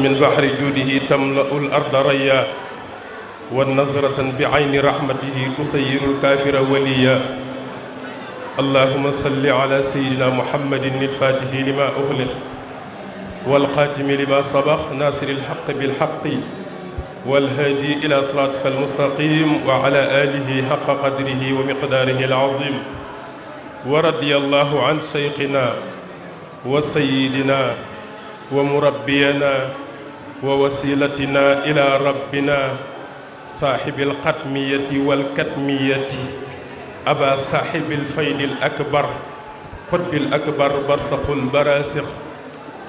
min bahri juudihi tamla'u l-arda rayya wa nazratan bi ayni rahmatihi tusayyiru l-kaafira waliya allahumma salli ala sayyidina muhammadin il-faatihi lima ughliq wal-xaatimi lima sabaq naasiri l-haqqi bil-haqqi wal-haadi ila siraatika l-mustaqim wa ala aalihi haqqa qadrihi wa miqdaarihi l-aziim wa radiyallahu an shaykhina wa sayyidina wa murabbiyana ووسيلتنا إلى ربنا صاحب القتمية والكتمية أبا صاحب الفيل الأكبر قطب الأكبر برسق البراسخ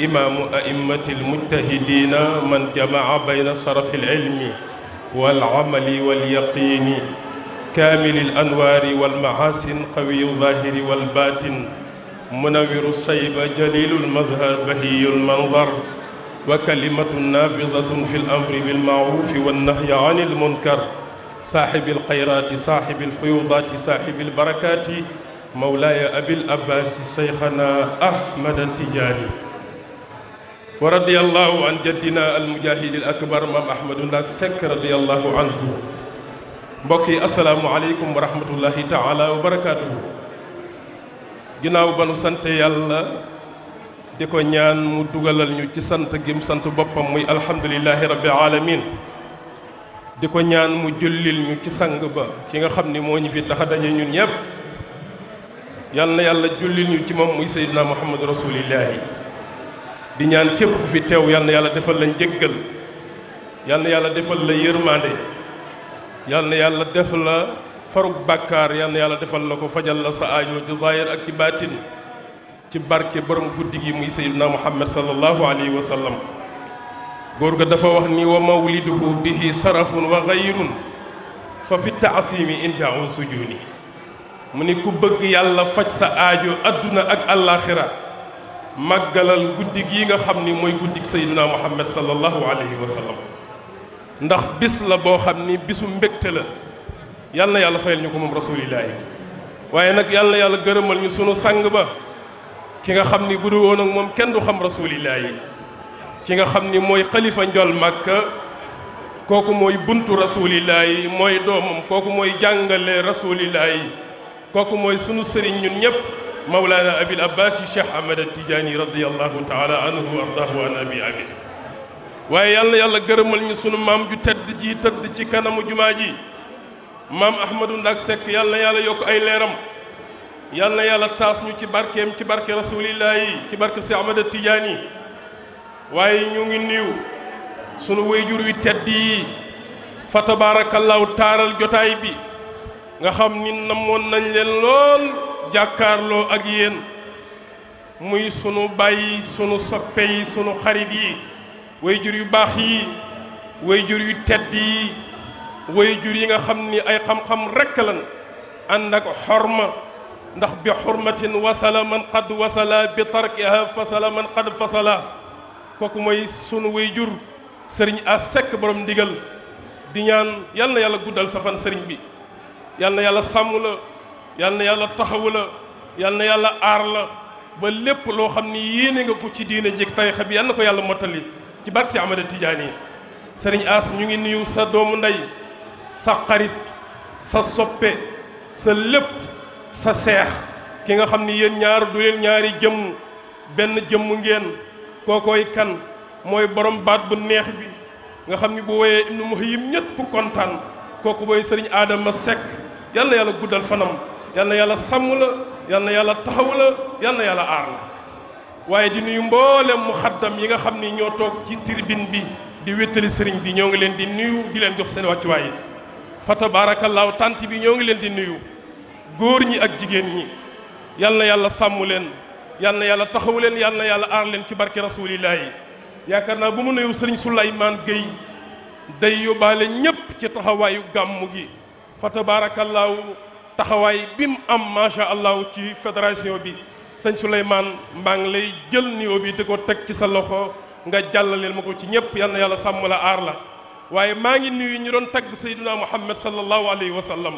إمام أئمة المجتهدين من جمع بين شرف العلم والعمل واليقين كامل الأنوار والمعاسن قوي الظاهر والباطن منور الصيب جليل المظهر بهي المنظر wa kalimatun nafidatun fi l amri bilmaarufi wannahyi an ilmunkar saaxibi alxayraati saaxibi alfuyudaati saaxibi albarakaati mawlaaya abil abbaasi seyxana ahmada tijaani wa radiallahu an jaddina almujahidi al akbar maam ahmadu ndaak sekk radiallahu anhu mbokk yi asalaamualeykum wa rahmatullahi taala wa barakaatuhu ginnaaw ba nu sante yàlla di ko ñaan mu dugalal ñu ci sant gim sant boppam muy alhamdulilahi rabbil alamin di ko ñaan mu jullil ñu ci sang ba ki nga xam ni moo ñu fi tax a daje ñun ñëpp yal na yàlla jullil ñu ci moom muy seydina muhammadu rasulillahi di ñaan képp ku fi teew yal na yàlla defal la njëggal yal na yàlla defal la yërmande yal na yàlla def la farug bàkkaar yal na yàlla defal la ko fajal la sa aajo ci zaahir ak ci baatin ci barke borom guddi gi muy sayyiduna muhammad sallallahu alayhi wa sallam góor ga dafa wax ni wa mawliduhu bihi sarafun wa gayrun fa fi taasimi intaun sujuni mu ni ku bëgg yàlla faj sa aajo àdduna ak àllaaxira màggalal guddi gi nga xam ni mooy guddi sayyiduna muhammad sallallahu alayhi wa sallam ndax bis la boo xam ni bisu mbégte la yàlla yàlla fayal ñu ko moom rasulillahi waaye nag yàlla yàlla gërëmal ñu sunu sang ba ki nga xam ni bu dul woon ak moom kenn du xam rasulillah ki nga xam ni mooy xalifa njol màkka kooku mooy buntu rasulillah mooy doomam kooku mooy jàngale rasulillah kooku mooy sunu sëriñ ñun ñëpp mawlaana abil abbas yi cheikh ahmada tijaani radiallahu taala anhu wa ardahu an abi abi waaye yàlla yàlla gërëmal ñu sunu maam ju tedd ji tëdd ci kanamu jumaa ji maam ahmadu ndak sekk yàlla yàlla yokk ay leeram yàlla na yàlla taas ñu ci barkeem ci barke rasulillah yi ci bark si Ahmada Tidiane yi waaye ñu ngi nuyu sunu wayjur wi tedd yi fa tabaarakallaahu taaral jotaay bi nga xam ni namoon nañ leen lool jàkkaarloo ak yéen muy sunu bàyyi sunu soppe yi sunu xarit yi wayjur yu baax yi wayjur yu tedd yi wayjur yi nga xam ni ay xam-xam rekk lan ànd ak xorma ndax bi xurmatin wasala man qad wasala bi tarkiha fasala man qad fasala kooku mooy sunu way jur sëriñ a sekk borom ndigal di ñaan yal na yàlla guddal sa fan sëriñ bi yal na yàlla sàmm la yal na yàlla taxawu la yal na yàlla aarla ba lépp loo xam ni yéene nga ko ci diine jik tarixa bi yal na ko yàlla mottali ci barke si Amada Tijaani yi sëriñ As ñu ngi nuyu sa doomu nday sa xarit sa soppe sa lépp sa seex ki nga xam ni yéen ñaar du ñaari jëmm benn jëmm ngeen kookooy kan mooy borom baat bu neex bi nga xam ni bu woyee ibnu muhayim ñëpp kontaan kooku mooy sëriñ aadama sekk yal na yàlla guddal fanam yal yàlla sàmm la yal yàlla taxaw la yàlla aar waaye di nuyu mboolem mu xaddam yi nga xam ni ñoo toog ci tribune bi di wéttali sëriñ bi ñoo ngi leen di nuyu di leen jox seen wàccuwaay fa tabaarakallaahu tant bi ñoo ngi leen di nuyu góor ñi ak jigéen ñi yàlla na yàlla sàmm leen yal na yàlla taxaw leen yal na yàlla aar leen ci barke rasulillahi yaakaar naa bu mu nuyu sëriñ Souleymane Gueye day yóbbaale ñépp ci taxawaayu gàmmu gi fa tabaarakallaahu taxawaay bi mu am macha allah ci fédération bi sëñ Souleymane mbaa ngi lay jël nuyoo bi di ko teg ci sa loxo nga jàllaleel ma ko ci ñëpp yal na yàlla sàmm la aar la waaye maa ngi nuyu ñu doon tagg sayduna muhammad sallallahu alayhi wa sallam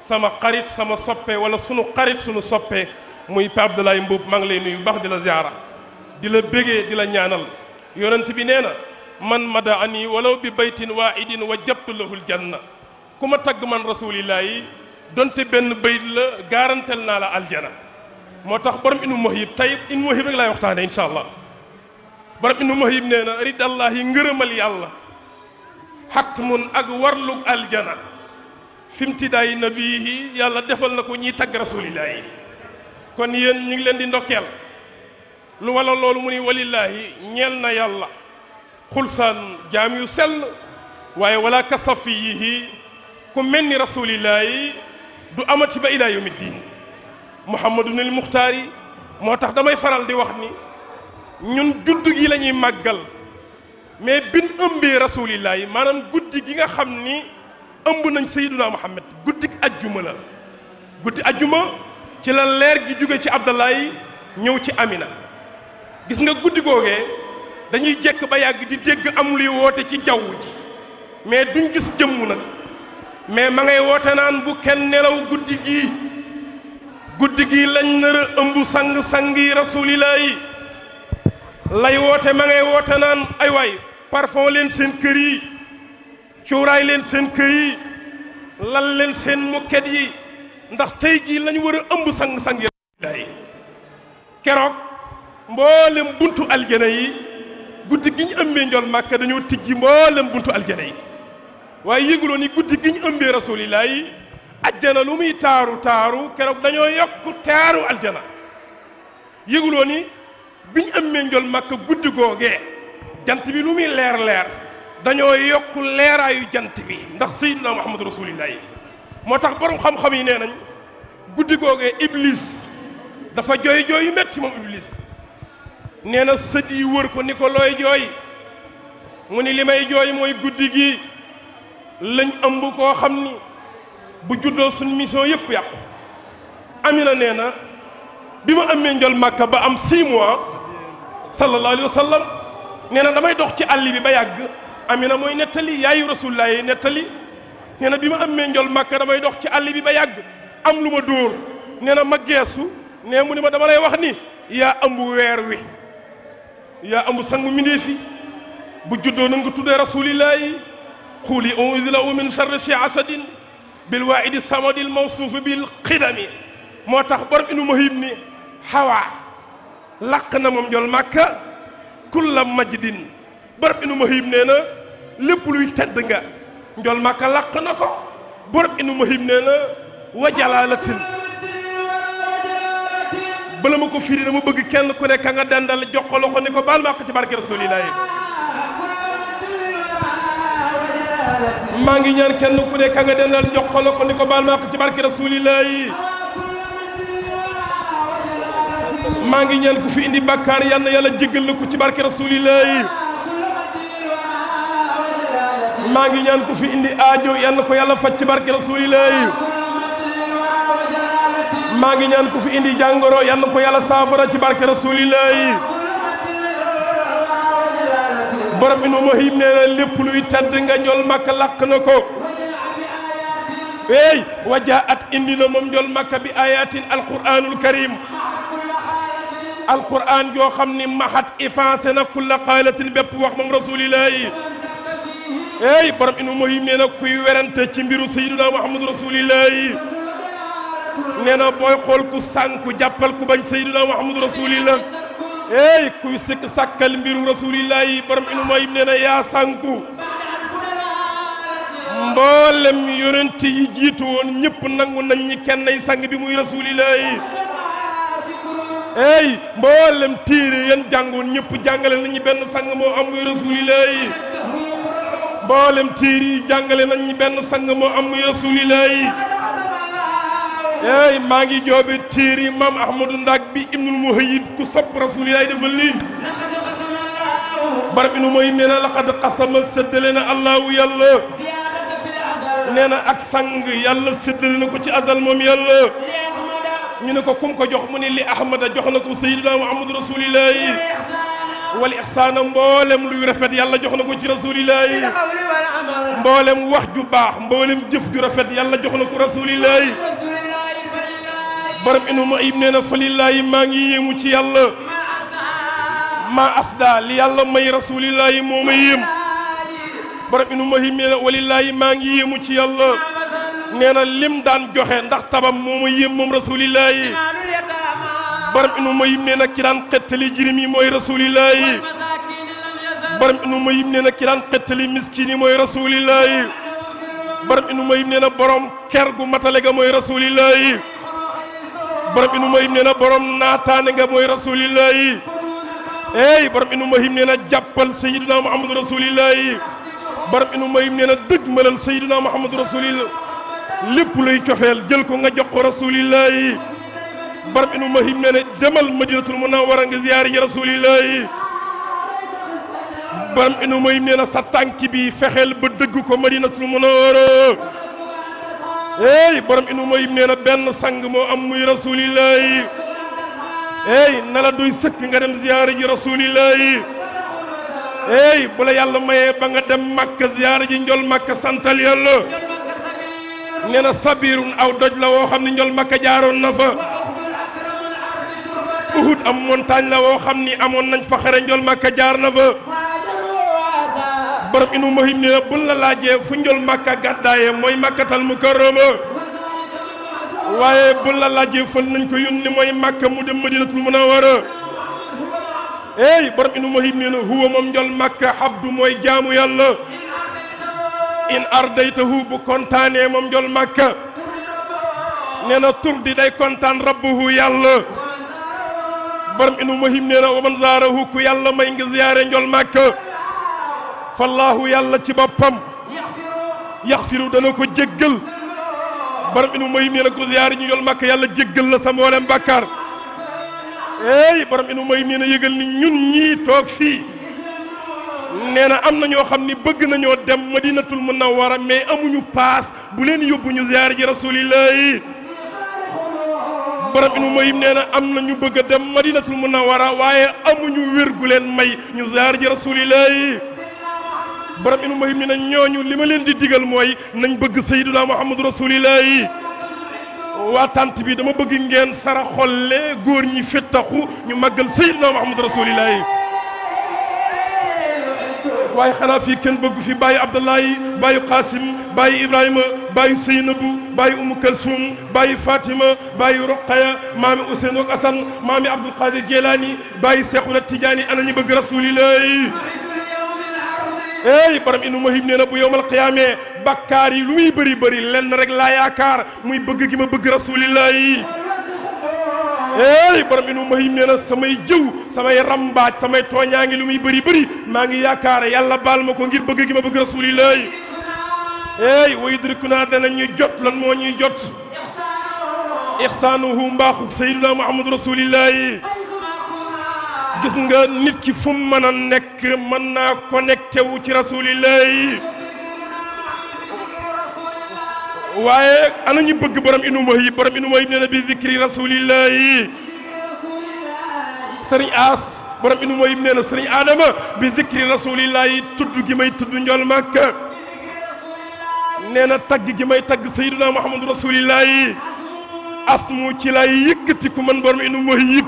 sama xarit sama soppe wala sunu xarit sunu soppe muy Pape Abdoulaye Mboup maa ngi lay nuyu baax di la ziara di la bégee di la ñaanal yonent bi nee na man mada ani walaw bi baytin wa jabtu lahul janna ku ma tagg man rasulillah yi donte benn bayt la gaarantel naa la aljana moo tax borom inu mohib tey inu mohib rek laay waxtaane incha allah borom inu mohib nee na ridallahi ngërëmal yàlla xatmun ak warlug aljana fimtidaayi nabiihi yàlla defal na ko ñiy tagg rasuulillaahi kon yéen ñu ngi leen di ndokkeel lu wala loolu mu ni walillaahi ñeel na yàlla xulsaan jaam yu sell waaye wala kasafiyihi ku mel ni rasuulillaahi du amati ba ilaa yawmi diin muhammadunil muxtaar yi moo tax damay faral di wax ni ñun juddu gi lañuy màggal mais bin ëmbee rasuulillaahi maanaam guddi gi nga xam ni ëmb nañ sayyiduna muhammad guddi ajjuma la guddi ajjuma ci la leer gi jóge ci abdallahi ñëw ci amina gis nga guddi googee dañuy jekk ba yàgg di dégg am luy woote ci jaww ji mais duñ gis jëmm nag mais ma ngay woote naan bu kenn nelaw guddi gii guddi gii lañ nar a ëmb sang-sang yi rasulillah yi lay woote ma ngay woote naan ay waay parfum leen seen kër yi cuuraay leen seen kër yi lal leen seen mokket yi ndax tey jii lañu war a ëmb sang-sang yi keroog mboolem buntu aljana yi guddi gi ñu ëmbee njool màkka dañoo tijji mboolem buntu aljana yi waaye yëguloo ni guddi gi ñu ëmbee rasulillah yi ajjana lu muy taaru taaru keroog dañoo yokk taaru aljana yëguloo ni biñ ëmbee njool màkka guddi googee jant bi lu muy leer leer dañoo yokk leeraayu jant bi ndax sayyidina na rasulillah yi moo tax borom xam-xam yi nee nañ guddi googee iblis dafa jooy jooy yu métti moom iblis nee na sët yi wër ko ni ko looy jooy mu ni li may jooy mooy guddi gi lañ ëmb koo xam ni bu juddoo suñ mission yëpp yàqu na nee na bi ma amee njol màkka ba am six mois sallallahu alayhi wa nee na damay dox ci àll bi ba yàgg amina mooy nettali yaayu rasulullah yi nettali nee bi ma amee njol màkka damay dox ci àll bi ba yàgg am lu ma dóor nee na ma geesu nee mu ni ma dama lay wax ni yaa ëmb weer wi yaa ëmb sangu mbindéef yi bu juddoo na nga tuddee rasulillah yi xuuli unzilahu min charri si asadin bil waahidi samadil mawsuufi bil xidami moo tax borom inu mahib ni xawa làq na moom njol màkka kulla majdin borom inu mahib nee na lépp luy tedd nga njol maka làq na ko borom inu mahim nee na wa jalaalatin bala ma ko firi mu bëgg kenn ku nekk nga dandal jox ko loxo ko baal ma ci barke rasulillahi maa ngi ñaan kenn ku nekk nga dandal jox ko loxo ko baal ma ci barke rasulillahi maa ngi ñaan ku fi indi bàkkaar yal na yàlla jéggal la ci barke rasulillahi maa ngi ñaan ku fi indi aajo yal na ko yàlla faj ci barke rasulillahi maa ngi ñaan ku fi indi jàngoro yal ko yàlla saafara ci barke rasulillahi borom bi nu Muhim nee na lépp luy tedd nga njol makka làq na ko ey wajaa at indi na moom njol bi ayatin alquranul joo xam ni maxat effacé na kulla qaalatin bépp wax moom rasulillahi ey borom inu muhim nee na kuy werante ci mbiru sayyiduna muhammadu rasulillahi nee na xool ku sànku jàppal ku bañ sayyiduna muhammadu rasulillah ey kuy sikk sàkkal mbiru rasulillahi borom inu muhim nee na yaa sànku mboolem yonente yi jiitu woon ñëpp nangu nañ ñi kennay sang bi muy rasulillahi ey mboolem yen yan jàngoon ñëpp jàngale nañu benn sang moo am muy rasulillahi mboolem tiir jàngale nañ ñi benn sang moo am mu rasulillahi eey maa ngi joobe tiir yi maam ahmadou ndak bi ibnul muhayyib ku sopp rasulillahi dafa lii barab nu mooy nee na laxad xasama séddale na allahu yàlla nee na ak sang yàlla séddale na ko ci azal moom yàlla ñu ne ko kum ko jox mu ne li ahmada jox na ko sayyidina muhammadu rasulillahi wal ixsaana mboolem luy rafet yàlla jox na ko ci rasulillahi mboolem wax ju baax mboolem jëf ju rafet yàlla jox na ko rasulillahi borom inu ma ib nee na falillahi maa ngi yéemu ci yàlla maa asda li yàlla may rasulillahi moo ma yéem borom inu ma ib nee na walillahi maa ngi yéemu ci yàlla nee lim daan joxe ndax tabam moo ma yéem moom rasulillahi borom inu ma yim nee nag ki daan xettali jirim mooy rasulillahi borom inu ma yim nee nag ki daan mooy rasulillahi borom inu ma yim nee na borom ker gu matale ga mooy rasulillahi borom inu ma yim nee na borom naataane nga mooy rasulillahi ey borom inu ma yim nee na muhammadu rasulillahi borom inu ma yim nee na dëj muhammadu rasulillah lépp luy cofeel jël ko nga jox ko barab inu mahim nee na demal madinatul munawwara nga ziyaari ji rasulillahi barab nee na sa tànk bi fexeel ba dëgg ko madinatul munawwara ey barab inu mahim nee na benn sang moo am muy rasulillahi ey na la doy sëkk nga dem ziyaari ji rasulillahi ey bu la yàlla mayee ba nga dem màkka ziyaari ji njol màkka santal yàlla na sabirun aw doj la woo xam ne njol màkka jaaroon na fa Uhud am woo xam ni amoon nañ fa xare njool jaar na fa borom inu muhim ni la mooy màkkatal mukarrama waaye la laajee nañ ko yónni mu dem madinatul munawwara ey borom inu huwa moom njool màkka xabdu mooy jaamu yàlla in ardaytahu bu kontaanee moom njool màkka nee tur di day kontaan rabbuhu yàlla borom inu mahim nee na waman yàlla may nga ziyaare njol màkka fallaahu yàlla ci boppam yaxfiru dana ko jéggal borom inu mahim nee na ku ziyaare ñu njol màkka yàlla jéggal la sa mboolem bàkkaar éey inu mahim na yëgal ni ñun ñii toog fii nee na am na ñoo xam ni bëgg nañoo dem madinatul munawwara mais amuñu paas bu leen yóbbu ñu ziyaare ji rasulillahi borom Ibnu Muhim nee na am na ñu bëgg a dem madinatul munawara waaye amuñu wér gu leen may ñu ziar ji rasulillahi borom Ibnu Muhim nee na ñooñu li ma leen di digal mooy nañ bëgg sayyiduna muhammadu rasulillahi waa tant bi dama bëgg ngeen sara góor ñi fettaxu ñu màggal sayyiduna muhammadu rasulillahi waaye xanaa fii kenn bëggu fi bàyyi Abdoulaye bàyyi Qasim bàyyi Ibrahima bàyyi Seynabu bàyyi Umu Kalsum bàyyi Fatima bàyyi Roqaya maami Ousseynou ak Assane maami Abdul Qadir Jelaani bàyyi Seexuna Tijaani ana ñu bëgg rasulillahi ey borom inu mahib nee na bu yowmal qiyaamee bakkaar yi lu muy bëri bëri lenn rek laa yaakaar muy bëgg gi ma bëgg rasulillahi éy borom bi nu ma yim nee na samay jëw samay rambaaj samay tooñaa ngi bëri bëri maa ngi yaakaar yàlla baal ma ko ngir bëgg gi ma bëgg rasulillahi éy way diriku naa dana ñuy jot lan moo ñuy jot ixsaanuhu mbaaxu sayyiduna muhammadu rasulillahi gis nga nit ki fu mu mën ko nekk mën naa connecté wu waaye ana ñu bëgg borom innu wahib borom innu wahib nee na bi zikri rasulillahi sëriñ As borom innu wahib nee na sëriñ Adama bi zikri rasulillahi tudd gi may tudd njool Makka nee na tagg gi may tagg sayyiduna Muhammadu rasulillahi asmu ci laay yëkkati ku man borom innu wahib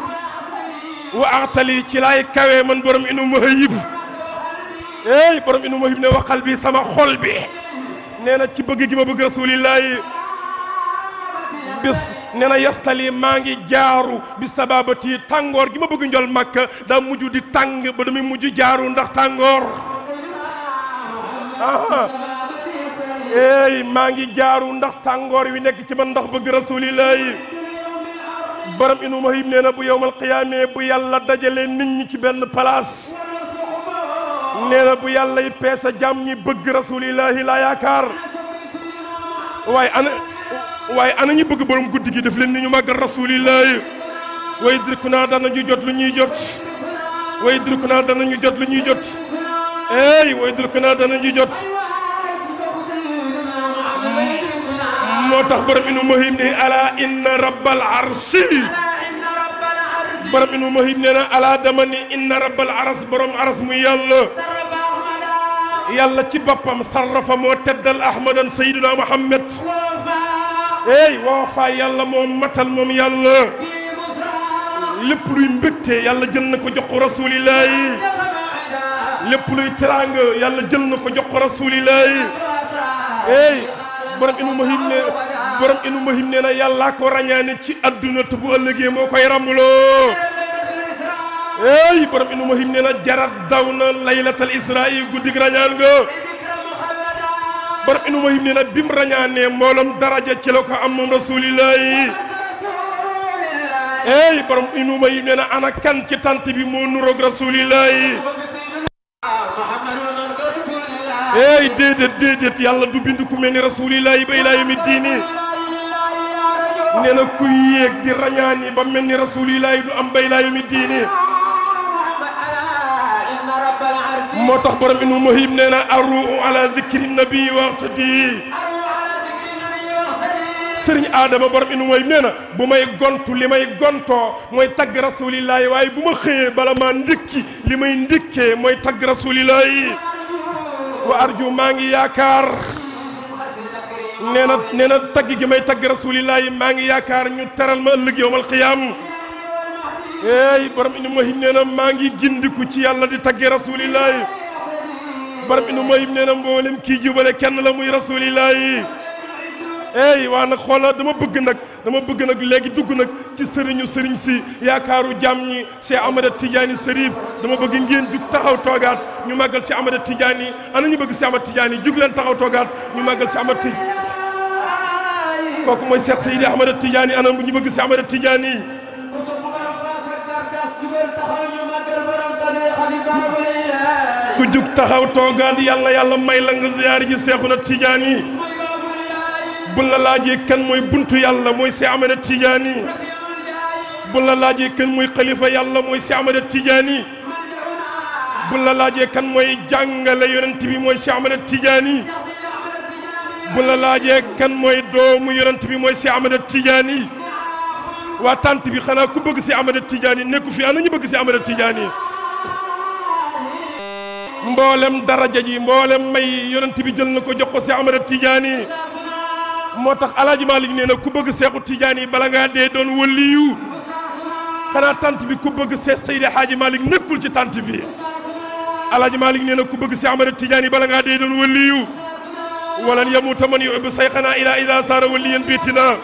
wa atali ci laay kawe man borom innu wahib ey borom innu wahib ne waxal bi sama xolbi nee na ci bëgg gi ma bëgg rasulillahi bis nee yastali maa ngi jaaru bi sababati tàngoor gi ma bëgg njol makka daa mujj di tàng ba damay mujj jaaru ndax tàngoor eey maa ngi jaaru ndax tàngoor wi nekk ci man ndax bëgg rasulillahi baram inu mahib nee na bu yowmal qiyaamee bu yàlla dajale nit ñi ci benn palaas nee bu yàlla yi peesa jàmm ñi bëgg rasulillahi la yaakaar waaye ana waaye ana ñu bëgg borom guddi gi def leen ni ñu màggal rasulillahi way dirku naa danañu jot lu ñuy jot way dirku naa jot lu ñuy jot eey way dirku naa danañu jot moo tax borom inu muhim ne ala inna rabbal arshi borom inu mu yàlla yàlla ci boppam sarrafa moo teddal ahmadan sayyiduna muhammad ey woo faa yàlla moom matal moom yàlla lépp luy mbégte yàlla jël na ko jox ko lépp luy teraanga yàlla jël na ko jox ko rasulillahi ey borom inu mahim ne borom inu mahim ne na yàllaa ko rañaane ci adduna te ëllëgee moo koy ramuloo eey borom inu muhim nee na jarat daw na laylatal isra'i guddig rañaan nga borom inu muhim nee na bim rañaanee mbooloom daraja ci la ko am moom rasulillahi eey borom inu muhim nee na ana kan ci tant bi moo nuroog rasulillahi eey déedéet déedéet yàlla du bind ku mel ni rasulillahi ba ilaa yawmi diini nee na ku yéeg di rañaani ba mel ni du am ba ilaa yawmi diini moo tax borom inul muhim nee na arru ala zikri nabi waxtadi sëriñ aadama borom inul muhim nee na bu may gontu li may gonto mooy tagg rasulillahi waaye bu ma xëyee bala maa ndékki li may ndékkee mooy tagg rasulillahi wa arju maa ngi yaakaar nee na nee na tagg gi may tagg rasulillahi maa ngi yaakaar ñu teral ma ëllëg yowmal qiyaam eey borom inu mahim nee na maa ngi gindiku ci yàlla di tagge rasulillahi borom inu mahim nee na mboolem kii jubale kenn la muy rasulillahi eey waa nag xoola dama bëgg nag dama bëgg nag léegi dugg nag ci sëriñu sëriñ si yaakaaru jàmm ñi Cheikh Ahmada Tidiane Serif dama bëgg ngeen jug taxaw toogaat ñu màggal Cheikh Ahmada Tidiane yi ana ñu bëgg Cheikh a Tidiane yi jug leen taxaw toogaat ñu màggal Cheikh Ahmada Tidiane kooku mooy Cheikh Seydi Ahmada Tidiane yi ana ñu bëgg Cheikh Ahmada Tidiane yi ku jug taxaw toogaat yàlla yàlla may la nga ziyaar ji seexuna tijaan yi bu la laajee kan mooy buntu yàlla mooy si amada tijaan yi bu la laajee kan mooy xalifa yàlla mooy si amada tijaan yi bu la laajee kan mooy jàngale yonent bi mooy si amada tijaan yi bu la laajee kan mooy doomu yonent bi mooy si amada tijaan yi waa tànt bi xanaa ku bëgg si amada tijaan yi nekku fi ana ñu bëgg si amada tijaan yi mboolem daraja ji mboolem may yi yonent bi jël na ko jox ko Cheikh Ahmada Tidiane moo tax Alaaji Maalik nee ku bëgg Seexu Tidiane yi bala ngaa dee doon waliyu xanaa tant bi ku bëgg Seex Seydi Haaji Maalik nekkul ci tant bi Alaaji Maalik nee ku bëgg Seex Ahmada Tidiane yi bala ngaa dee doon waliyu walan yamuuta man yuhibbu sayxanaa ilaa idaa saara waliyan biitinaa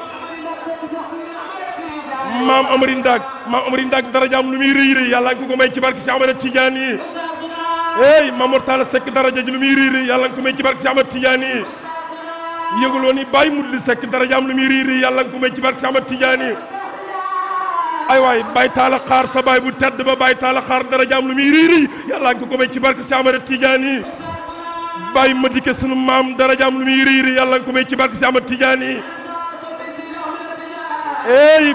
maam Amari Ndaak maam Amari Ndaak darajaam lu muy rëy rëy yàlla ngi ko may ci barke Seex Ahmada Tidiane yi hey Mamour Talla Seck daraja ji lu muy riiri yàlla nga ko may ci barke si Ahmad Tidiane yi yëguloo ni Baye Moudli Seck daraja am lu muy riiri yàlla ko may ci barke si Ahmad Tidiane yi ay waay Baye Talla xaar sa baay bu tedd ba Baye Talla xaar daraja am lu muy riiri yàlla nga ko may ci barke si Ahmad Tidiane yi maam daraja am lu muy riiri yàlla nga ko may ci barke si Ahmad Tidiane yi hey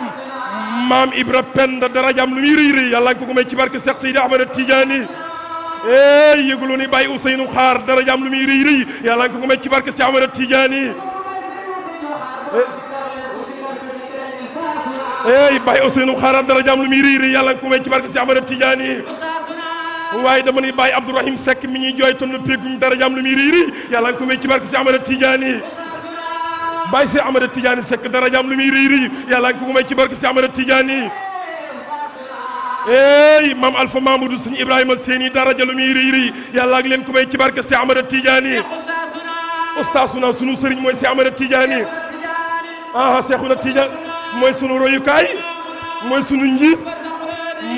maam Ibra Penda daraja am lu muy riiri yàlla nga ko may ci barke Cheikh Seydi yi ey yëgulu ni Baye Ousseynou Xaar darajaam lu muy rëy rëy yàlla nga ko may ci barke si Amara Tidiane ey Baye Ousseynou Xaar darajaam lu muy rëy rëy yàlla nga ko may ci barke si Amara Tidiane waaye dama ni Baye Abdourahim Seck mi ñuy jooy toon lu péggum darajaam lu muy rëy rëy yàlla nga ko may ci barke si Amara Tidiane Baye si Amara Tidiane Seck darajaam lu muy rëy rëy yàlla nga ko may ci barke si Amara Tidiane ey maam Alpha Mamadou sëñ Ibrahima seeni daraja lu muy rëy rëy yàlla ak leen ku may ci barke si Amada Tidiane ustaasuna sunu sëriñ mooy si Amada Tidiane ah Seexuna Tidiane mooy sunu royukaay mooy sunu njiit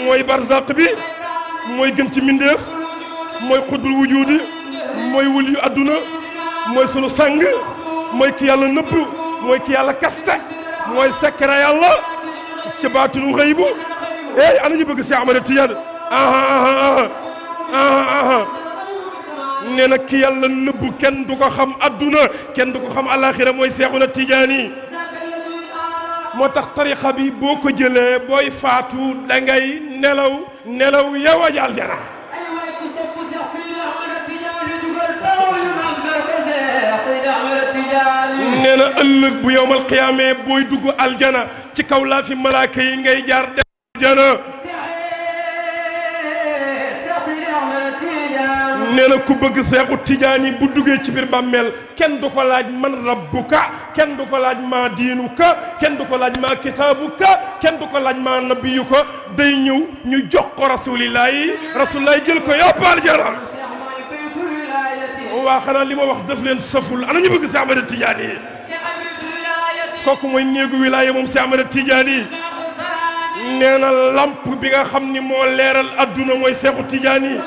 mooy barzaq bi mooy gën ci mbindeef mooy xuddul wujuudi mooy wul adduna mooy sunu sang mooy ki yàlla nëbb mooy ki yàlla kaste mooy sekra yàlla ci baatinu xëybu eh ana ñu bëgg Cheikh Ahmed Tidiane aha aha nee na ki yàlla nëbbu kenn du ko xam adduna kenn du ko xam alaxira mooy Seexuna Tidiane yi moo tax tarixa bi boo ko jëlee booy faatu da nelaw nelaw yow a jaal jana na ëllëg bu yowmal qiyaamee booy dugg aljana ci kaw laa fi yi ngay jaar àjjana nee na ku bëgg seexu tijaan yi bu duggee ci biir bàmmeel kenn du ko laaj man rabbuka kenn du ko laaj maa diinuka kenn du ko laaj maa kitaabuka kenn du ko laaj maa nabiyuka day ñëw ñu jox ko rasulillahi rasulillahi jël ko yóbbu aljana waa xanaa li ma wax daf leen saful ana ñu bëgg si Ahmada Tijaani yi kooku mooy néegu wilaaya moom si Ahmada Tijaani yi nee na lamp bi nga xam ni moo leeral adduna mooy seexu tijaan yi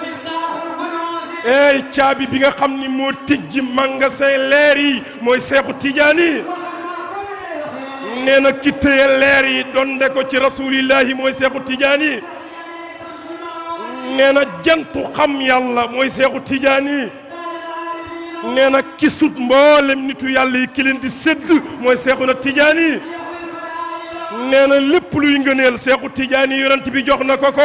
caabi bi nga xam ni moo tijji magasin leer yi mooy seexu tijaan yi nee na ki téye leer yi donde ko ci rasulillahi mooy seexu tijaan yi nee na jantu xam yàlla mooy seexu tijaan yi nee na ki sut mboolem nitu yàlla yi ki leen di sédd mooy seexu na tijaan yi nee na lépp luy ngëneel seexu tijaani yonent bi jox na ko ko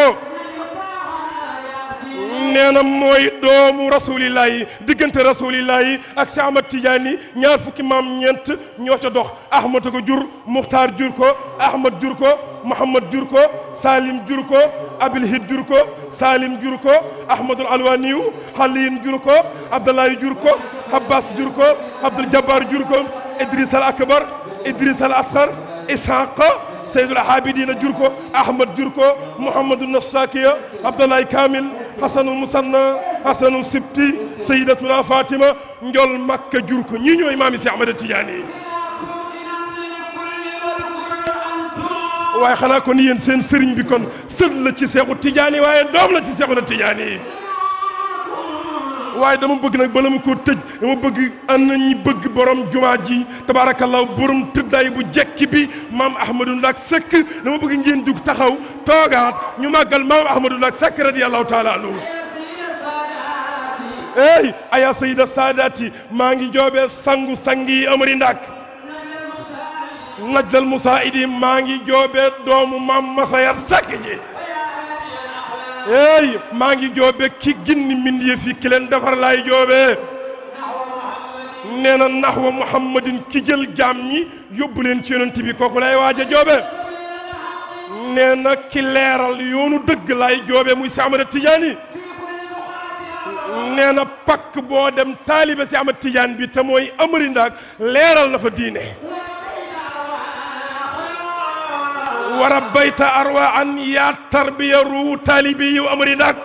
nee na mooy doomu rasulillah diggante rasulillah yi ak si ahmad tijaani ñaar fukki maam ñeent ñoo ca dox ahmad ko jur muxtaar jur ko ahmad jur ko muhammad jur ko salim jur ko abilhid jur ko salim jur ko ahmadul alwaniyu xaliim jur ko abdallaahi jur ko abbas jur ko abdul jabbar jur ko idris akbar idris asxar Ishaq Seydul Abidina jur ko Ahmad jur ko Mouhamadou Nafsakiya Abdoulaye Kamil Hasanul Musanna Hasanul Sibti Sayyidatuna Fatima Njol Makka jur ko ñii ñooy maami si Ahmada Tidiane yi waaye xanaa kon yéen seen sëriñ bi kon sët la ci seexu Tidiane waaye doom la ci seexu na Tidiane waaye dama bëgg nag bala koo tëj dama bëgg an na ñi bëgg borom jumaa ji tabaarakallaahu borom tëddaay bu jekki bi maam ahmadou ndak sekk dama bëgg ngeen jug taxaw toogaat ñu màggal maam ahmadou ndak sekk radiyallaahu taala anhu ey aya sayida saadaati maa ngi joobee sangu sangi amari ndak najdal musaidi maa ngi joobee doomu maam masayar sekk ji eyi maa ngi joobe ki ginni mbindeef yi ki leen defar laay joobee nee na naxwa muhammadin ki jël jaam ñi yóbbu leen ci yonent bi kooku laay waaj a joobe nee na ki leeral yoonu dëgg laay joobe muy si Amada Tijaani nee na pakk boo dem taalibe si Amada Tijaan bi te mooy amari ndaa leeral na fa diine wa rabbayta arwaan yaa tarbiya ruu taalibi yi amari ndak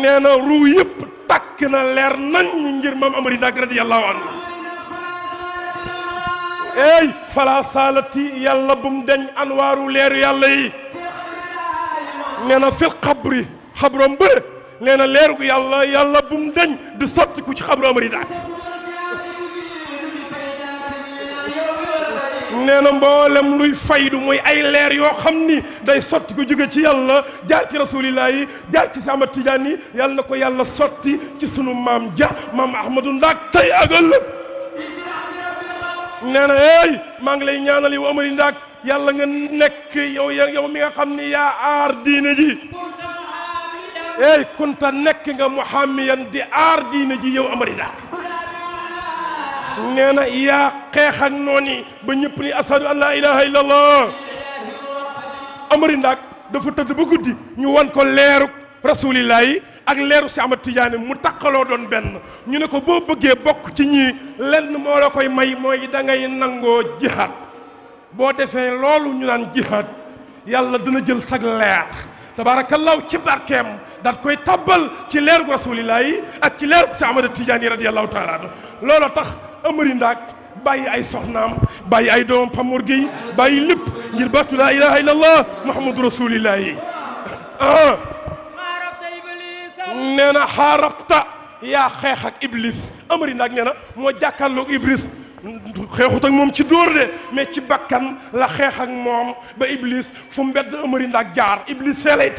nee na ruu yëpp takk na leer nañ ngir maam amari ndak radiyallahu anhu ey fala salati yàlla bum deñ anwaaru leeru yàlla yi nee na fil xabri xabrom bëre nee na leeru yàlla yàlla bum deñ du sotti ku ci xabru amari ndak nee na mboolem luy faydu muy ay leer yoo xam ni day sotti ko jóge ci yàlla jaar ci rasulillah yi jaar ci sama tijaan yi yàlla na ko yàlla sotti ci sunu maam ja maam ahmadou ndaak tey ak ëllëg nee na ngi lay ñaanal yow amari ndaak yàlla nga nekk yow yow mi nga xam ni yaa aar diine ji hey kunta nekk nga yan di aar diine ji yow amari ndaak nee na yaa xeex ak noon yi ba ñëpp ni ashadu an laa ilaha illa amari ndaak dafa tëdd ba guddi ñu won ko leeruk rasulillah ak leeru si Ahmad Tidiane mu taqaloo doon benn ñu ne ko boo bëggee bokk ci ñii lenn moo la koy may mooy da ngay nangoo jihaad boo defee loolu ñu naan jihaad yàlla dina jël sag leer tabaarakallaahu ci barkeem daat koy tabbal ci leeruk rasulillah yi ak ci leeruk si Ahmad Tidiane yi radiyallahu taala anhu tax amari ndaak bàyyi ay soxnaam bàyyi ay doomam Pamour Gueye bàyyi lépp ngir baatu laa ilaha illa allah muhammadu rasulillah yi ah nee yaa xeex ak iblis amari ndaak nee moo jàkkaarloog iblis xeexut ak moom ci dóor de ci bakkan la xeex ak moom ba iblis fu mbedd amari ndaak jaar iblis fee lay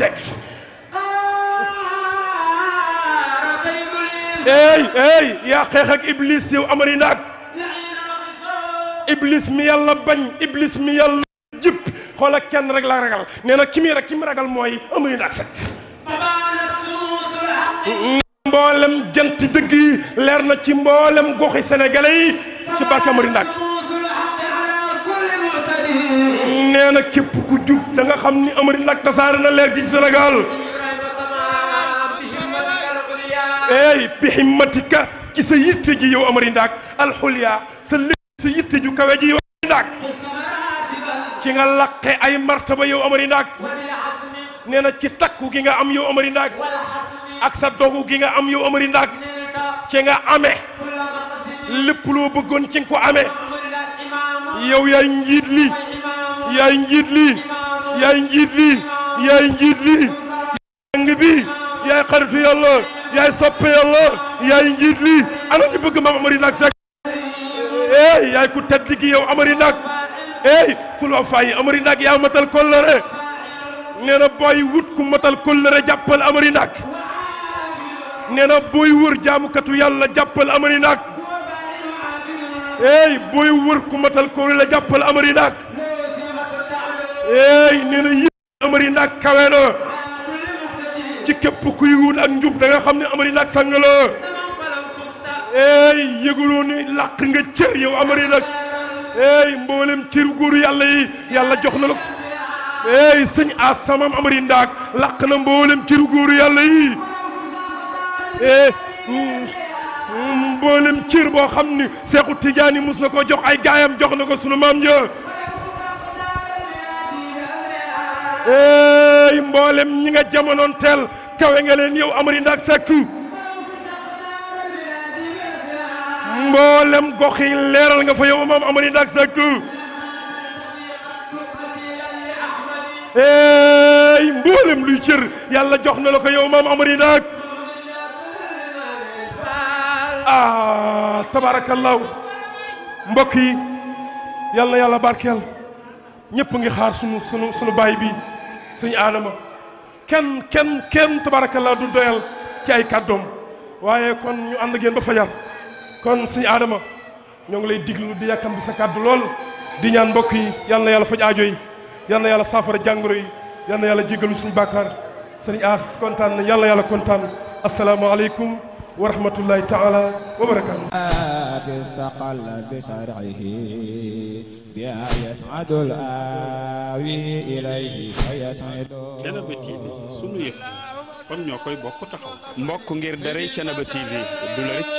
ey ey yaa xeex ak iblis yow amari naag iblis mi yàlla bañ iblis mi yàlla jëpp xoola kenn rek la ragal nee na ki muy rek ki mu ragal mooy amari naag sax mboolem jant dëgg yi leer na ci mboolem goxi sénégalais yi ci barke amari naag nee képp ku jub da xam ni amari naag tasaare na leer ci Sénégal eey bi himmatika ci sa yitte ji yow amari ndaak alxulya sa lépp sa yitte ju kawe ji yow amari ndaak ci nga laqe ay martaba yow amari ndaak nee na ci takku gi nga am yow amari ndaak ak sa dogu gi nga am yow amari ndaak ci nga amee lépp loo bëggoon ci nga ko amee yow yaay njiit lii yaay njiit lii yaay njiit lii yaay njiit lii yaay njiit lii yaay xaritu yàlla yaay soppe yàlla yaay njiit lii ana ci bëgg maam amari ndak sekk ey yaay ku tedd gi yow amari ndak ey fuloo fay amari ndak yaa matal kollëre nee na booy wut ku matal kollëre jàppal amari ndak nee booy wër jaamukatu yàlla jàppal amari ndak ey booy wër ku matal kollëre jàppal amari ndak ey nee na amari ndak kawe ci képp kuy wut ak njub da nga xam ne amari lak sang la ey yëguloo ni làq nga cër yow amari lak ey mboolem cër góor yàlla yi yàlla jox na la ko ey sëñ a samam amari ndaak làq na mboolem cër góor yàlla yi e mboolem cër boo xam ni Seexu Tijaani mus na koo jox ay gaayam jox na ko sunu maam ja eey mboolem ñi nga jamonoon teel kawe nga leen yow Amary Ndack Seck mboolem gox yi leeral nga fa yow moom Amary Ndack Seck eey mboolem luy cër yàlla jox na ko yow moom Amary Ndack ah tabaarakallaahu mbokk yàlla yàlla barkeel ñëpp ngi xaar sunu sunu sunu baay bi sëñ aadama kenn kenn kenn la du doyal ci ay kàddoom waaye kon ñu ànd ak ba fajar kon sëñ aadama ñoo ngi lay diglu di yàkkam bi sa kàddu lool di ñaan mbokk yi yal yàlla faj aajo yi yal yàlla saafara jàngoro yi yal na yàlla jéggalu suñu bàkkaar sëñ As kontaan yàlla yàlla kontaan asalaamaaleykum wa rahmatullahi taala wa استقل بشرعه بها يسعد الآوي إليه فيسعد Thiénaba TV sunu yëf kon ñoo koy bokk taxaw mbokk ngir dara Thiénaba TV du la rëcc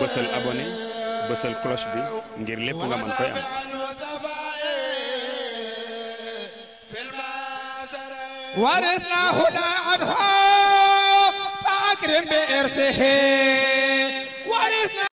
bësal abonné bësal cloche bi ngir lépp nga mën koy am warisna huda anhu fa akrim bi irsihi